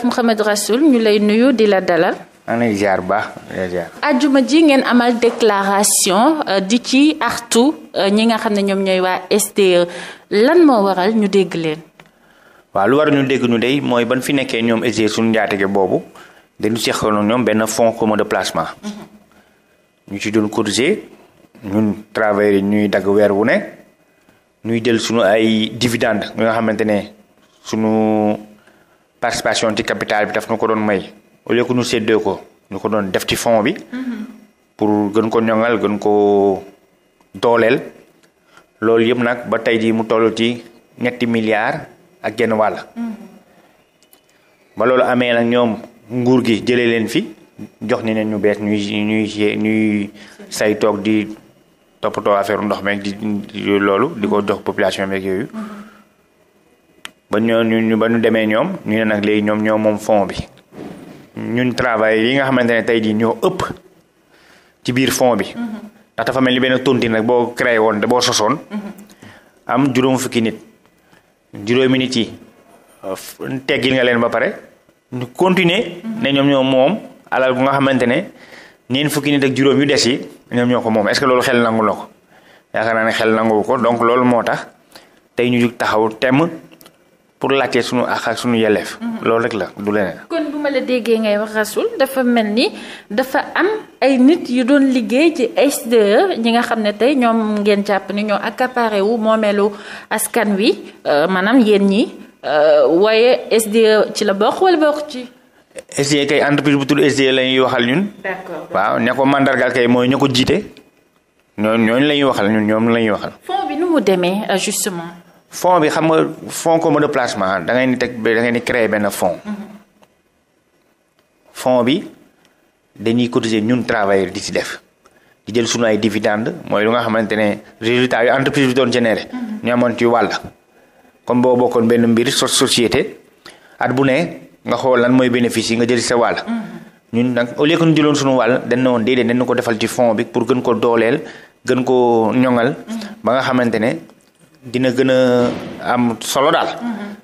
Mouhamed Rassoul ñu lay nuyu di la dalal. maa jaar baax jaar. ajuma ji ngeen amal déclaration euh, di ci artu euh, ñi nga xam ne ñoom ñooy waa SDE lan moo waral ñu dégg leen. waaw lu waral ñu dégg ñu dey mooy ban fi nekkee ñoom SDE suñu njaatige boobu dañu seqaloon ñoom benn fonds commun de placement. Mm-hmm. ñu ci doon cotiser ñun travailleurs yi ñuy dagg weer wu ne ñuy del suñu ay dividende yoo xamante ne suñu. participation ci capital bi daf ñu ko doon may au lieu que ñu séddee ko ñu ko doon def ci fond bi. Mhm. pour gën ko ñoŋal gën ko dooleel. loolu yëpp nag ba tey jii mu toll ci ñetti milliards ak genn wàll. Mhm. ba loolu amee nag ñoom nguur gi jëlee leen fi jox ni leen ñu bees ñuy ñuy ñuy say toog di toppatoo affaire ndox meeg di loolu di ko jox population meeg yooyu. Mhm. ba ñooñu ba ñu demee ñoom ñu ne nag léegi ñoom ñoo moom fond bi ñun travail yi nga xamante ne tey jii ñoo ëpp ci biir fond bi. Mm-hmm. ndax dafa mel ni benn tontine rek boo créé woon boo sosoon. Mm-hmm. am juróom fukki nit juróomi nit yi teggil leen ba pare ñu continuer mm-hmm. ne ñoom ñoo moom alal bu nga xamante ne neen fukki nit ak juróom yu des yi ñoom ñoo ko moom est-ce que loolu xel nangu na ko yaakaar naa ne xel nanguwu ko donc loolu moo tax tey ñu jug taxaw temm. pour laajte suñu àq suñu yelleef. Mhm. loolu rek la du leneen. kon bu ma la déggee ngay wax Rasoul dafa mel ni dafa am ay nit yu doon liggéey ci SDE ñi nga xam ne tey ñoom ngeen jàpp ni ñoo accaparé wu moomeelu askan wi euh, maanaam yéen ñi euh, waaye SDE ci la bokk wala bokk ci. SDE kay bu tudd SDE la ñuy waxal ñun. d'accord waaw ne ko mandargal mooy ña ko jiite ñooñu la ñuy waxal ñoom la ñuy waxal. fond bi nu mu demee euh, justement. fon bi xam nga fon commun de placement da ngay ni teg da ngay ni créer benn fon mhm. fonds bi dañuy cotiser ñun travailleurs di si def di jël suñu ay dividende mooy lu nga xamante ne résultat yi entreprise bi doon généré. Mhm. ñu amoon ci wàll. comme boo bokkoon benn mbir sos société at bu ne nga xool lan mooy bénéfice yi nga jël sa wàll. Mhm. ñun nag au lieu que jëloon sunu wàll dañ ne woon déedéet dañ ko defal ci fonds bi pour gën ko dooleel gën ko ñoŋal. ba nga xamante ne. dina gën a am solo daal. Mhm.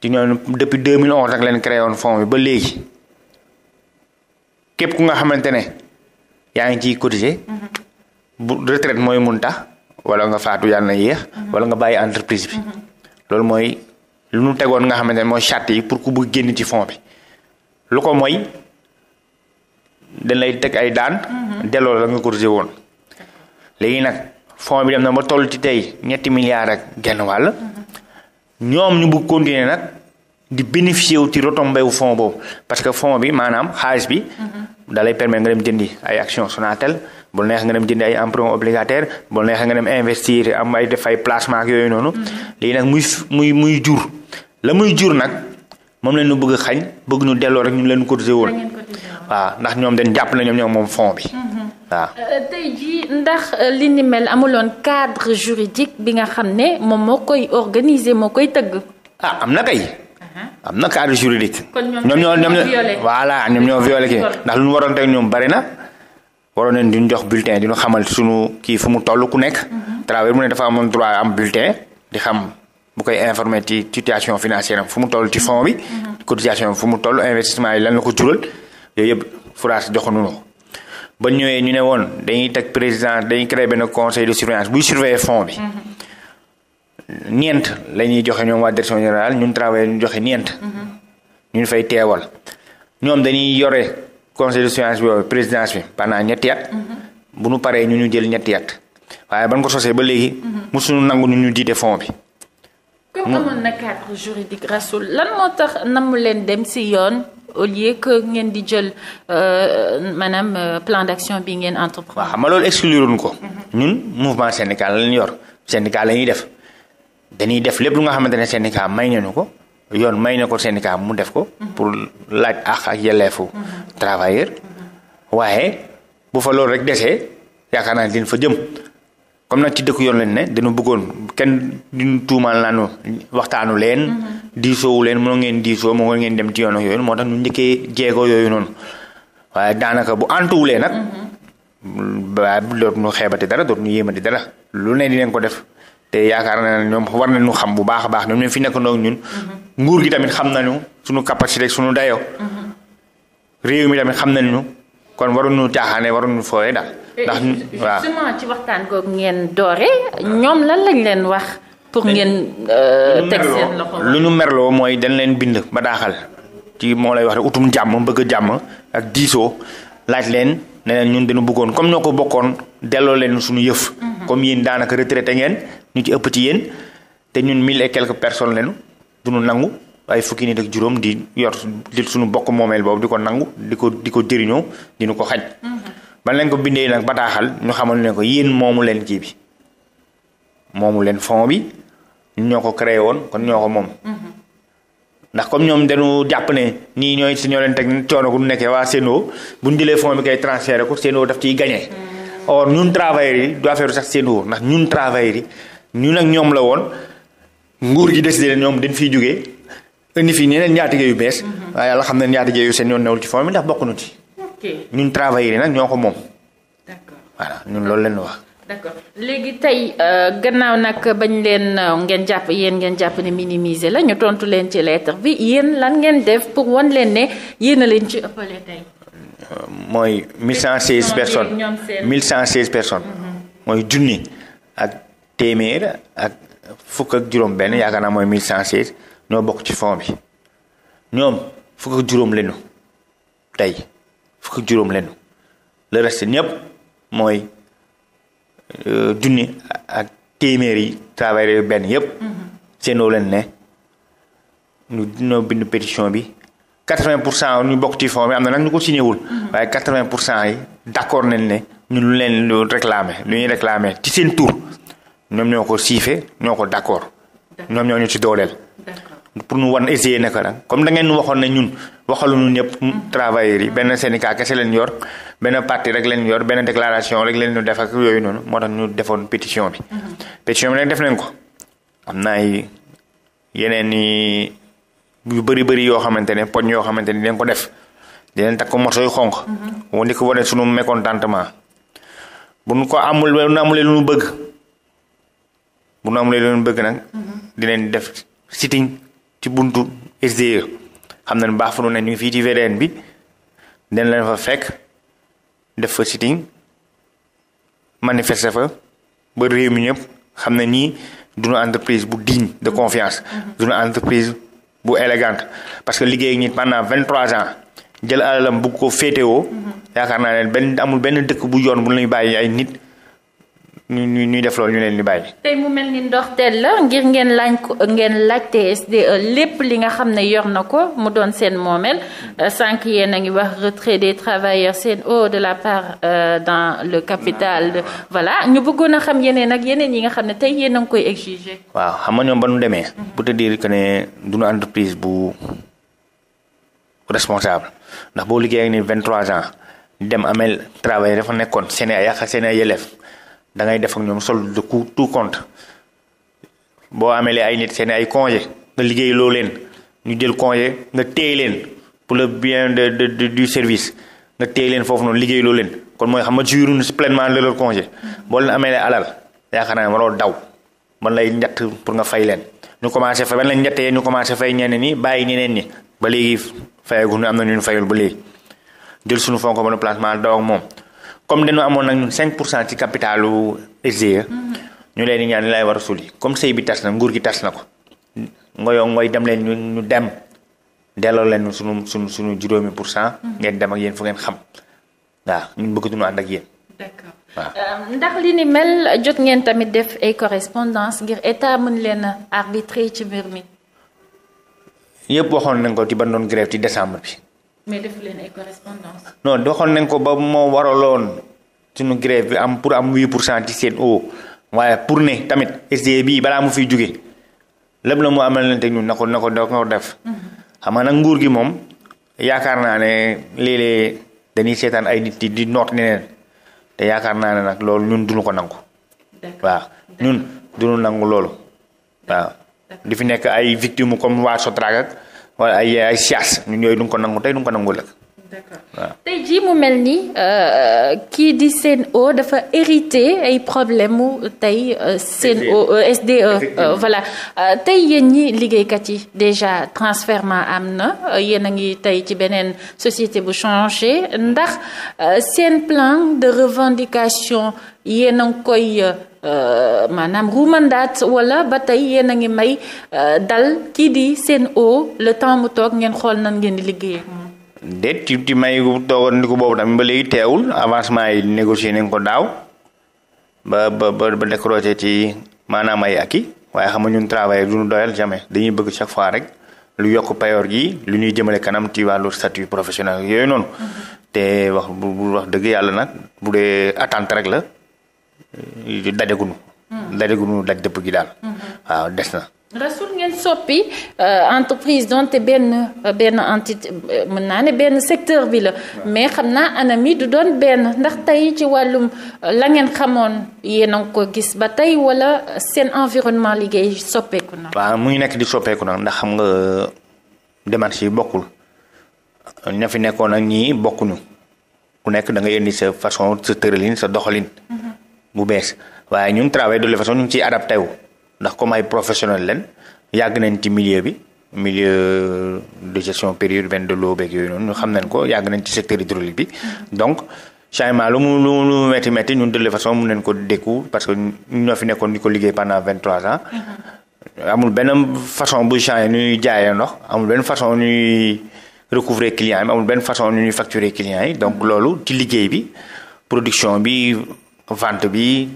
di ñoom depuis 2011 nag leen créé woon fonds ba léegi képp ku nga xamante ne yaa ngi ciy cotiser. Mhm. bu retraite mooy mun tax wala nga faatu yàlla na yéex. Mhm. wala nga bàyyi entreprise bi. loolu mooy lu nu tegoon nga xamante ne mooy charte yi pour ku bëgg génn ci fonds bi lu ko mooy dañ teg ay daan. delloo la nga cotiser woon léegi nag. fonds bi dem na ba toll ci tey ñetti milliards ak genn wàll ñoom ñu bëgg continuer nag di bénéficier wu ci retombé wu fonds boobu parce que fonds bi maanaam xaalis bi. Mhm. da lay permettre nga dem jëndi ay action Sonatel bu neex nga dem jëndi ay emprunt obligataire bu neex nga dem investir am ay def ay placement ak yooyu noonu. Mhm. léegi nag muy muy muy jur la muy jur nag moom la ñu bëgg xañ bëgg ñu delloo rek ñu leen cotiser woon. waaw ndax ñoom dañ jàpp na ñoom ñoom moom fonds bi. Mhm. waaw ah. euh, tey jii ndax euh, li ni mel amuloon cadre juridique bi nga xam ne moom moo koy organiser moo koy tëgg. ah am na kay. Uh-huh. am na cadre juridique. kon ñoom ñoo ñoom ñoo voilà ñoom ñoo violé kii ndax lu ñu waroon teg ñoom bari na. waroon nañ di ñu jox bulletin di ñu xamal suñu kii fu mu toll ku nekk. Uh-huh. Traoré mu ne dafa amoon droit am bulletin di xam bu koy informer ci situation financière fu mu toll ci uh-huh. fond bi. cotisation fu mu toll investissement yi lan la ko jural yooyu yëpp fouraas joxuñu ba ñëwee ñu ne woon dañuy teg président dañuy créer benn conseil de surveillance buy surveiller fonds bi. Mm-hmm. ñeent lañuy joxe ñoom waa direction générale ñun travail ñu joxe ñeent. Mm-hmm. ñu fay teewal ñoom dañuy yore conseil de surveillance bi présidence bi pendant ñetti at. Mm-hmm. bu nu paree ñu ñu jël ñetti at waaye ban ko sosee ba léegi. mosuñu nangu ñu ñu jiite fonds bi. comme amoon na cadre juridique Rassoul lan moo tax namu leen dem ci yoon. au lieu que ngeen di jël euh, maanaam euh, plan d'action bi ngeen entreprendre. waaw xam nga loolu excluroon ko. ñun mouvement syndical la ñu yor syndicat lañuy ñuy def dañuy def lépp lu nga xamante ne syndicat may nañu ko yoon may na ko syndicat mu def ko. pour laaj àq ak yelleefu. travailleur waaye bu fa loolu rek desee yaakaar naa ne fa jëm. comme nag ci dëkk yoon lañ ne dañu bëggoon kenn duñu tuumaal naanu waxtaanu leen. Mm-hmm. diisoowu leen mënoo ngeen diisoo moo ngeen dem ci yoon ak yooyu moo tax ñu njëkkee jéego yooyu noonu waaye daanaka bu antuwulee nag. Mm-hmm. ba dootuñu xeebati dara dootuñu yéemati dara lu ne dinañ ko def te yaakaar na ñoom war nañu xam bu baax a baax ñoom ñoo fi nekkandoo ak ñun. Mm-hmm. nguur gi tamit xam nañu suñu capacité suñu dayoo. réew mi tamit xam nañu kon waruñu caaxaane waruñu fooyee daal. ndax waaw justement ci waxtaan googu ngeen doore ñoom la lañ leen wax. pour ngeen euh, teg seen loxo lu ñu merloo mooy dañ leen bind ba daaxal ci moo lay wax rek utum jàmm bëgg jàmm ak diisoo laaj leen ne leen ñun dañu bëggoon comme ñoo ko bokkoon delloo leen suñu yëf. Mhm. comme yéen daanaka retraité ngeen ñu ci ëpp ci yéen te ñun mille et personne leen lañu nu nangu. waaye fukki nii ak juróom di yor li suñu bokk moomeel boobu di ko nangu di ko di ko jëriñoo dinu ko xaj mhm. ban leen ko bindee nag bataaxal ñu xamal ne ko yéen moomu leen kii bi moomu leen fond bi ñoo ko créé woon kon ñoo ko moom. Mm-hmm. ndax comme ñoom dañu jàpp nii ñooy si ñoo leen teg coono gu nekkee waa Sen'Eau bu ñu jëlee ko Sen'Eau daf ciy gagné. Mm-hmm. or ñun travailleurs yi du affaire sax Sen'Eau ndax ñun travailleurs yi ñun ak ñoom la woon nguur ji décidé ne ñoom dañ fiy jugee indi fi ñeneen ñaatige yu bees. Mm-hmm. waaye la xam ne ñaatige yu seen yoon newul ci fond bi ndax bokkuñu ci. ñun travailleurs yi nag ñoo ko moom. d'accord voilà ñun loolu leen wax. d'accord léegi tey euh, gannaaw nag bañ leen euh, ngeen jàpp yéen ngeen jàpp ne minimiser la ñu tontu leen ci lettre bi yéen lan ngeen def pour wan leen ne yéen leen ci ëppale tey. Euh, mooy mille cent seize personnes mille cent seize personnes. Mhm. mooy junni ak téeméer ak fukk ak juróom-benn mhm. yaakaar naa mooy mille cent seize ñoo bokk ci fond bi ñoom fukk ak juróom lañu tey. fukk juróom leen le reste ñëpp mooy euh, junni ak téeméer yi travailleurs benn yëpp. Mm-hmm. seenoo leen ne ñu dinoo bind pétition bi quatre vingt pour cent ñu bokk ci fond bi am na nag ñu ko signé wul. Mm-hmm. waaye quatre vingt pour cent yi d' accord nañ ne ñun lu leen lu réclamé lu ñuy réclamé ci seen tur ñoom ñoo ko siife ñoo ko d' accord ñoom ñoo ñu ci dooleel. pour nu wan essayer ne ko nag comme da ngeen waxoon ne ñun waxaluñu ñëpp travailleurs yi benn seeni syndicat kese leen yor benn parti rek leen yor benn déclaration rek leen ñu def ak yooyu noonu moo tax ñu defoon pétition bi. Mhm. pétition bi nag def nañ ko am na ay yeneen i yu bëri bëri yoo xamante ne poñ yoo xamante ne dinañ ko def dinañ takk morso yu xonq. wane mhm. ko wane sunu mécontentement bu nu ko amul bu nu amulee lu nu bëgg bu nu amulee lu nu bëgg nag mhm. dinañ def sitting ci buntu SDE xam na nañu baax fu nu ne ñu ngi fii ci VDN bi den leen fa fekk def fa sitting manifester fa ba réew mi ñëpp xam na nii du ñu entreprise bu digne de confiance. Mm-hmm. du ñu entreprise bu élégante parce que liggéey nit pendant vingt trois ans jël alalam bu ko féetewoo. Mm-hmm. yaakaar naa ne benn amul benn dëkk bu yoon bu ñuy bàyyi ay nit. nu ñu ñuy def loolu ñu leen di bàyyi. tey mu mel ni ndorteel la ngir ngeen laaj ngeen laajte SDE lépp li nga xam ne yor na ko mu doon seen moomeel euh, sànq yéen a ngi wax retrait des travailleurs seen eau de la part euh, dans le capital voilà ñu bëggoon a xam yeneen ak yeneen yi nga xam ne tey yéen a ngi koy exiger. waaw xam nga ñoom ba nu demee. Mhm. pour te dire que ne duñu entreprise bu responsable ndax boo liggéey ak ni 23 ans dem amel travail dafa nekkoon seen ay yàq seen ay da ngay def ak ñoom solde de tout compte boo amelee ay nit seen ay congé nga liggéey loo leen ñu jël congé nga téye leen pour le bien de de du service nga téye leen foofu noonu liggéey loo leen kon mooy xam nga jurun pleinement de leur congé boo leen amelee alal yaakaar naa ne waroo daw man lay ñett pour nga fay leen ñu commencé fay ban lañ ñettee ñu commencé fay ñeneen ñi bàyyi ñeneen ñi ba léegi fayagu ñu am na ñun fayul ba léegi jël suñu fonk ba placement daw moom comme dañoo amoon nag ñun 5 pour cent ci capitalu SDE. ñu leen di ñaan lay war a suli comme sëy bi tas na nguur gi tas na ko. ngoyoo ngoy dem leen ñu dem delloo leen suñu suñu suñu juróomi pour cent. ngeen dem ak yéen fu ngeen xam waaw ñun bëggatuñu ànd ak yéen. d'accord euh, ndax li ni mel jot ngeen tamit def ay correspondance ngir état mën leen a ci mbir mi. yëpp waxoon nañ ko ci ban doon grève ci décembre bi. mais defu leen doxoon nañ ko ba moo waraloon suñu grève bi am pour am 8 pour cent ci seen o waaye pour ne tamit SDE bii balaa mu fiy jóge lépp la mu amalante na ko na ko def. Mm-hmm. xam nga nag nguur gi moom yaakaar naa ne léeg-léeg dañuy seetaan ay nit di noot neneen te yaakaar naa ne nag loolu ñun duñu ko nangu. waaw ñun duñu nangu loolu. waaw di fi nekk ay victime comme waa Sotrac ak wala ay ay siyaas ñun yooyu du nga ko nangu tey du nga ko nangu lëkk d'accord tey jii mu mel ni euh, euh, kii di SEN'EAU dafa hérité ay problème mu tey euh, SEN'EAU e. e, SDE voilà tey yéen ñi liggéeykat yi déjà transferment am na yéen a ngi tey ci beneen société bu changé ndax seen plan de revendication yéen a ngi koy maanaam ruumandaat wala ba tey yéen a ngi may dal kii di SEN'EAU le temps mu toog ngeen xool nan ngeen di liggéeyee déet ci ci may gu toogandiku boobu tamit ba léegi teewul avancement yi négocié nañ ko daaw ba ba ba décroché ci maanaam ay akki waaye xam nga ñun travail du ñu doyal jamais dañuy bëgg chaque fois rek lu yokk payoor gi lu ñuy jëmale kanam ci wàllu statut professionnel yooyu noonu. Mm-hmm. te wax bu bu wax dëgg yàlla nag bu dee attente rek la dajagunu. Mm. dajagunu daj dëpp gi daal. Mm-hmm. waaw des na. rasul ngeen soppi euh, entreprise donte benn benn entité euh, mën naa ne benn secteur bi la mais xam naa anam yi du doon benn ndax tey ci wàllum euh, la ngeen xamoon yéen a ngi ko gis ba tey wala seen environnement liggéey soppeeku na. waaw mu ngi nekk di soppeeku na ndax xam nga démarche yi bokkul ña fi nekkoon ak ñii bokkuñu ku nekk da nga indi sa façon sa tëralin sa doxalin. Mhm. bu bees waaye ñun travail de la façon ñu ngi ciy adapté wu. ndax comme ay professionnel leen yàgg nañ ci milieu bi milieu de gestion périurbaine de l'eau yooyu noonu xam nañ ko yàgg nañ ci secteur hydraulique bi donc changement lu mu mu metti metti ñun de la façon mun nañ ko dékku parce que ñoo fi nekkoon ñu ko liggéey pendant vingt trois ans mm-hmm. amul benn façon bu changé nu ñuy jaayee ndox amul benn façon ñuy recouvrer client yi amul benn façon nu ñuy facturer client yi donc loolu ci liggéey bi production bi bi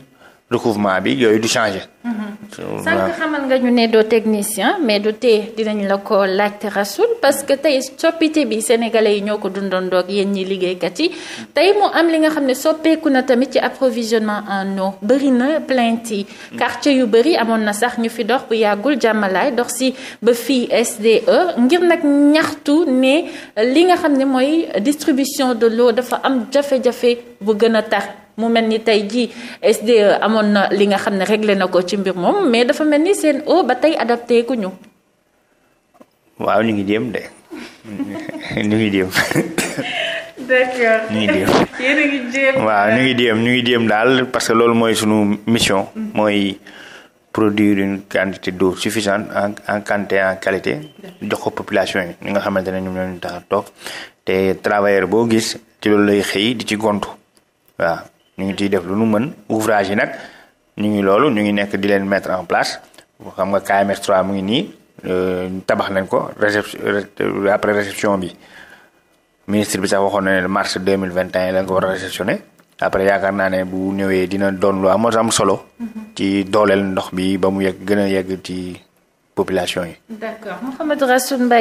couvement bi yooyu du changé. Mm-hmm. sànq xamal nga ñu ne doo technicien mais du tee dinañ la ko laajte rasul parce que tey soppite bi sénégalais yi ñoo ko dundoondoo doog yéen ñi liggéeykat yi tey moo am li nga xam ne soppeeku na tamit ci approvisionnement en eau bëri na plainte yi. Mm. quartier yu bëri amoon na sax ñu fi dox bu yàggul jàmmalaay dox si ba fii SDE ngir nag ñaxtu ne li nga xam ne mooy distribution de l'eau dafa am jafe-jafe bu gën a tax mu mel ni tey jii sd amoon na li nga xam ne réglé na ko ci mbir moom mais dafa mel ni seen o ba tey adapté ñu. waaw ñu ngi jéem de ñu ngi jéem. ngi jéem. waaw ñu ngi jéem ñu ngi jéem daal parce que loolu mooy suñu mission. Mm-hmm. mooy produire une quantité d'eau suffisante en en quantité en qualité. jox ko population yi ñi nga xamante ne ñoom ñoo ñu tax toog te travailleur boo gis ci loolu lay xëy di ci gontu waaw. ñu ngi ciy def lu nu mën ouvrage yi nag ñu ngi loolu ñu ngi nekk di leen mettre en place xam nga KMS 3 mu ngi nii euh, tabax nañ ko réception euh, après réception bi ministre bi sax waxoon na ne mars 2021 la ko war a réceptionné après yaakaar naa ne bu ñëwee dina doon lu am am solo. Mm-hmm. ci dooleel ndox bi ba mu yegg gën a yegg ci population yi.